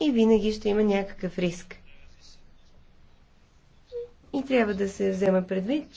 и винаги ще има някакъв риск. И трябва да се взема предвид,